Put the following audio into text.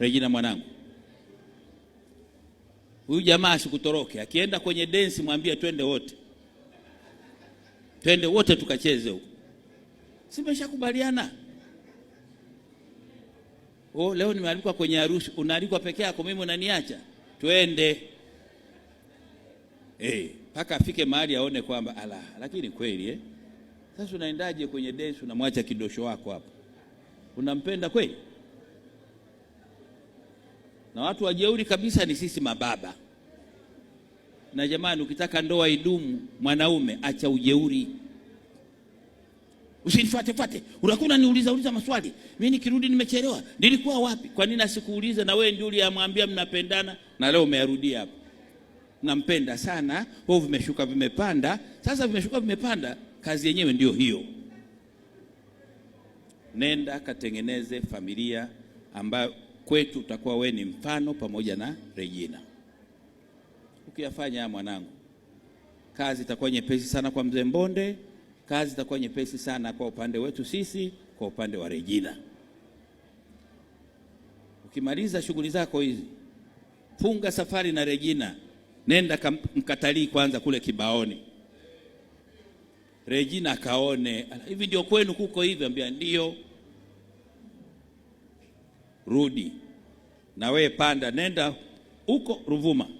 Regina mwanangu, huyu jamaa asikutoroke. Akienda kwenye densi, mwambie twende wote, twende wote tukacheze huko, simeshakubaliana. Oh, leo nimealikwa kwenye harusi, unaalikwa peke yako, mimi unaniacha? Twende eh, mpaka hey, afike mahali aone kwamba ala, lakini kweli eh? Sasa unaendaje kwenye densi, unamwacha kidosho wako hapo, unampenda kweli? na watu wajeuri kabisa ni sisi mababa. Na jamani, ukitaka ndoa idumu, mwanaume acha ujeuri, usinifuate fuate, unakuna niuliza uliza maswali, mimi nikirudi nimechelewa, nilikuwa wapi? Kwa nini asikuulize? Na wewe ndio uliyamwambia mnapendana, na leo umeyarudia hapa, nampenda sana wewe, vimeshuka vimepanda. Sasa vimeshuka vimepanda, kazi yenyewe ndio hiyo. Nenda katengeneze familia ambayo kwetu utakuwa we ni mfano pamoja na Regina. Ukiyafanya mwanangu, kazi itakuwa nyepesi sana kwa mzee Mbonde, kazi itakuwa nyepesi sana kwa upande wetu sisi, kwa upande wa Regina. Ukimaliza shughuli zako hizi, funga safari na Regina, nenda mkatalii kwanza kule Kibaoni. Regina akaone hivi ndio kwenu kuko hivi, ambia ndio rudi na we, panda nenda huko Ruvuma.